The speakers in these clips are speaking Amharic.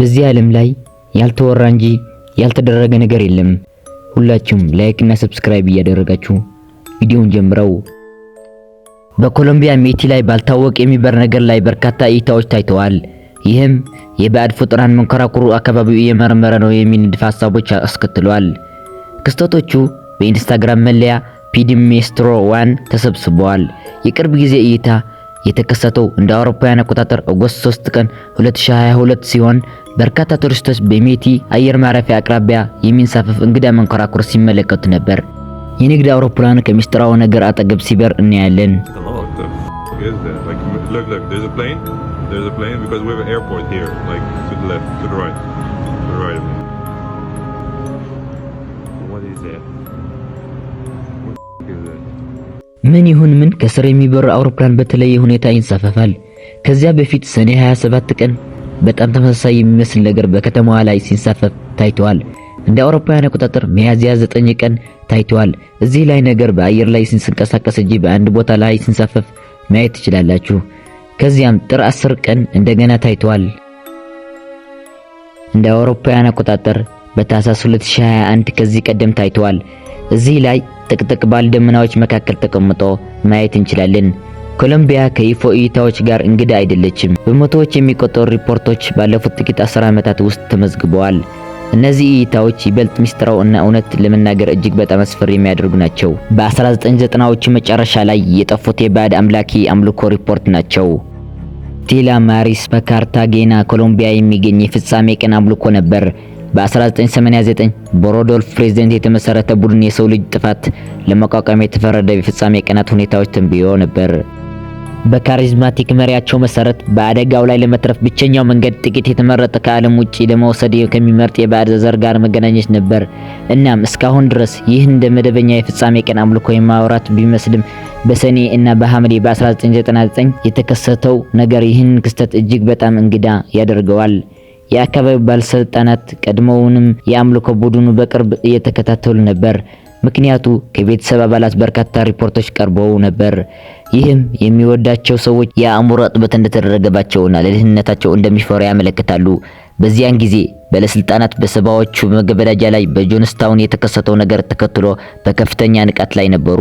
በዚህ ዓለም ላይ ያልተወራ እንጂ ያልተደረገ ነገር የለም። ሁላችሁም ላይክ እና ሰብስክራይብ እያደረጋችሁ ቪዲዮውን ጀምረው። በኮሎምቢያ ሜቲ ላይ ባልታወቅ የሚበር ነገር ላይ በርካታ እይታዎች ታይተዋል። ይህም የባዕድ ፍጡራን መንኮራኩሩ አካባቢው እየመረመረ ነው የሚል ንድፍ ሐሳቦች አስከትሏል። ክስተቶቹ በኢንስታግራም መለያ ፒዲሜስትሮ ዋን ተሰብስበዋል። የቅርብ ጊዜ እይታ የተከሰተው እንደ አውሮፓውያን አቆጣጠር ኦገስት 3 ቀን 2022 ሲሆን በርካታ ቱሪስቶች በሜቲ አየር ማረፊያ አቅራቢያ የሚንሳፈፍ እንግዳ መንኮራኩር ሲመለከቱ ነበር። የንግድ አውሮፕላን ከምስጢራዊ ነገር አጠገብ ሲበር እናያለን። ያለን ምን ይሁን ምን ከስር የሚበር አውሮፕላን በተለየ ሁኔታ ይንሳፈፋል። ከዚያ በፊት ሰኔ 27 ቀን በጣም ተመሳሳይ የሚመስል ነገር በከተማዋ ላይ ሲንሳፈፍ ታይተዋል። እንደ አውሮፓውያን አቆጣጠር ሚያዝያ 9 ቀን ታይተዋል። እዚህ ላይ ነገር በአየር ላይ ሲንቀሳቀስ እንጂ በአንድ ቦታ ላይ ሲንሳፈፍ ማየት ትችላላችሁ። ከዚያም ጥር 10 ቀን እንደገና ታይተዋል። እንደ አውሮፓውያን አቆጣጠር በታህሳስ 2021 ከዚህ ቀደም ታይተዋል። እዚህ ላይ ጥቅጥቅ ባለ ደመናዎች መካከል ተቀምጦ ማየት እንችላለን። ኮሎምቢያ ከይፎ እይታዎች ጋር እንግዳ አይደለችም። በመቶዎች የሚቆጠሩ ሪፖርቶች ባለፉት ጥቂት አስር ዓመታት ውስጥ ተመዝግበዋል። እነዚህ እይታዎች ይበልጥ ሚስጥራው እና እውነት ለመናገር እጅግ በጣም አስፈሪ የሚያደርጉ ናቸው። በ1990ዎቹ መጨረሻ ላይ የጠፉት የባዕድ አምላኪ አምልኮ ሪፖርት ናቸው። ቴላ ማሪስ በካርታጌና ኮሎምቢያ የሚገኝ የፍጻሜ ቀን አምልኮ ነበር። በ1989 በሮዶልፍ ፕሬዝደንት የተመሰረተ ቡድን የሰው ልጅ ጥፋት ለመቋቋም የተፈረደ የፍጻሜ ቀናት ሁኔታዎች ተንብዮ ነበር። በካሪዝማቲክ መሪያቸው መሰረት በአደጋው ላይ ለመትረፍ ብቸኛው መንገድ ጥቂት የተመረጠ ከዓለም ውጭ ለመውሰድ ከሚመርጥ የባዕድ ዘር ጋር መገናኘት ነበር። እናም እስካሁን ድረስ ይህ እንደ መደበኛ የፍጻሜ ቀን አምልኮ የማውራት ቢመስልም በሰኔ እና በሐምሌ በ1999 የተከሰተው ነገር ይህን ክስተት እጅግ በጣም እንግዳ ያደርገዋል። የአካባቢው ባለስልጣናት ቀድሞውንም የአምልኮ ቡድኑ በቅርብ እየተከታተሉ ነበር። ምክንያቱ ከቤተሰብ አባላት በርካታ ሪፖርቶች ቀርበው ነበር። ይህም የሚወዳቸው ሰዎች የአእምሮ እጥበት እንደተደረገባቸውና ለደህንነታቸው እንደሚፈሩ ያመለክታሉ። በዚያን ጊዜ ባለስልጣናት በሰባዎቹ መገበዳጃ ላይ በጆንስታውን የተከሰተው ነገር ተከትሎ በከፍተኛ ንቃት ላይ ነበሩ።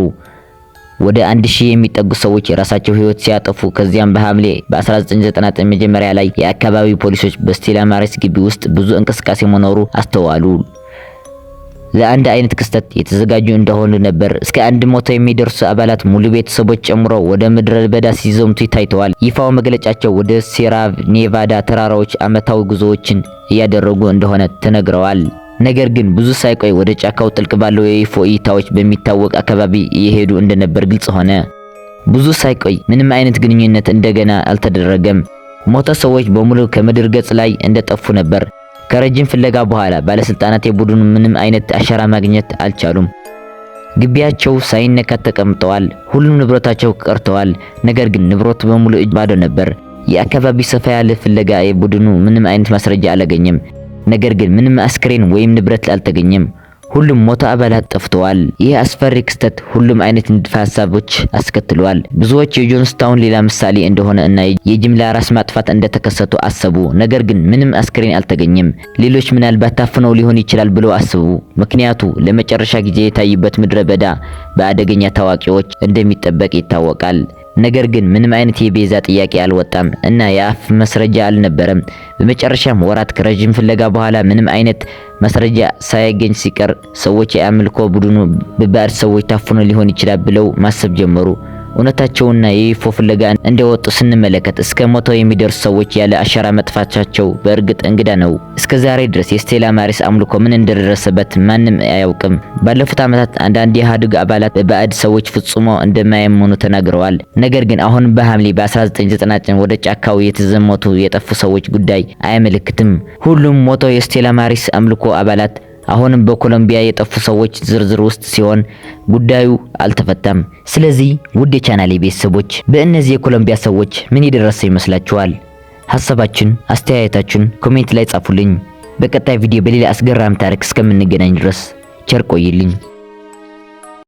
ወደ አንድ ሺህ የሚጠጉ ሰዎች የራሳቸው ህይወት ሲያጠፉ ከዚያም በሐምሌ በ1999 መጀመሪያ ላይ የአካባቢው ፖሊሶች በስቴላ ማሪስ ግቢ ውስጥ ብዙ እንቅስቃሴ መኖሩ አስተዋሉ። ለአንድ አይነት ክስተት የተዘጋጁ እንደሆኑ ነበር። እስከ አንድ መቶ የሚደርሱ አባላት ሙሉ ቤተሰቦች ጨምሮ ወደ ምድረ በዳ ሲዘምቱ ታይተዋል። ይፋው መግለጫቸው ወደ ሲራቭ ኔቫዳ ተራራዎች አመታዊ ጉዞዎችን እያደረጉ እንደሆነ ተነግረዋል። ነገር ግን ብዙ ሳይቆይ ወደ ጫካው ጥልቅ ባለው የዩፎ እይታዎች በሚታወቅ አካባቢ እየሄዱ እንደነበር ግልጽ ሆነ። ብዙ ሳይቆይ ምንም አይነት ግንኙነት እንደገና አልተደረገም። ሞተ ሰዎች በሙሉ ከምድር ገጽ ላይ እንደጠፉ ነበር። ከረጅም ፍለጋ በኋላ ባለስልጣናት የቡድኑ ምንም አይነት አሻራ ማግኘት አልቻሉም። ግቢያቸው ሳይነካ ተቀምጠዋል። ሁሉም ንብረታቸው ቀርተዋል። ነገር ግን ንብረቱ በሙሉ እጅ ባዶ ነበር። የአካባቢ ሰፋ ያለ ፍለጋ የቡድኑ ምንም አይነት ማስረጃ አላገኘም። ነገር ግን ምንም አስክሬን ወይም ንብረት አልተገኘም። ሁሉም ሞተ አባላት ጠፍተዋል። ይህ አስፈሪ ክስተት ሁሉም አይነት ንድፈ ሀሳቦች አስከትሏል። ብዙዎች የጆንስታውን ሌላ ምሳሌ እንደሆነ እና የጅምላ ራስ ማጥፋት እንደተከሰቱ አሰቡ። ነገር ግን ምንም አስክሬን አልተገኘም። ሌሎች ምናልባት ታፍነው ሊሆን ይችላል ብለው አስቡ። ምክንያቱ ለመጨረሻ ጊዜ የታይበት ምድረ በዳ በአደገኛ ታዋቂዎች እንደሚጠበቅ ይታወቃል። ነገር ግን ምንም አይነት የቤዛ ጥያቄ አልወጣም እና የአፍ መስረጃ አልነበረም። በመጨረሻም ወራት ከረዥም ፍለጋ በኋላ ምንም አይነት መስረጃ ሳያገኝ ሲቀር ሰዎች የአምልኮ ቡድኑ በባዕድ ሰዎች ታፍኖ ሊሆን ይችላል ብለው ማሰብ ጀመሩ። እውነታቸውና የዩፎ ፍለጋ እንደወጡ ስንመለከት እስከ መቶ የሚደርሱ ሰዎች ያለ አሻራ መጥፋታቸው በእርግጥ እንግዳ ነው። እስከ ዛሬ ድረስ የስቴላ ማሪስ አምልኮ ምን እንደደረሰበት ማንም አያውቅም። ባለፉት ዓመታት አንዳንድ የኢህአዴግ አባላት በባዕድ ሰዎች ፍጹሞ እንደማያምኑ ተናግረዋል። ነገር ግን አሁን በሐምሌ በ1999 ወደ ጫካው የተዘመቱ የጠፉ ሰዎች ጉዳይ አያመለክትም። ሁሉም ሞቶ የስቴላ ማሪስ አምልኮ አባላት አሁንም በኮሎምቢያ የጠፉ ሰዎች ዝርዝር ውስጥ ሲሆን ጉዳዩ አልተፈታም። ስለዚህ ውድ የቻናሌ ቤተሰቦች በእነዚህ የኮሎምቢያ ሰዎች ምን የደረሰ ይመስላችኋል? ሀሳባችን፣ አስተያየታችን ኮሜንት ላይ ጻፉልኝ። በቀጣይ ቪዲዮ በሌላ አስገራሚ ታሪክ እስከምንገናኝ ድረስ ቸር ቆይልኝ።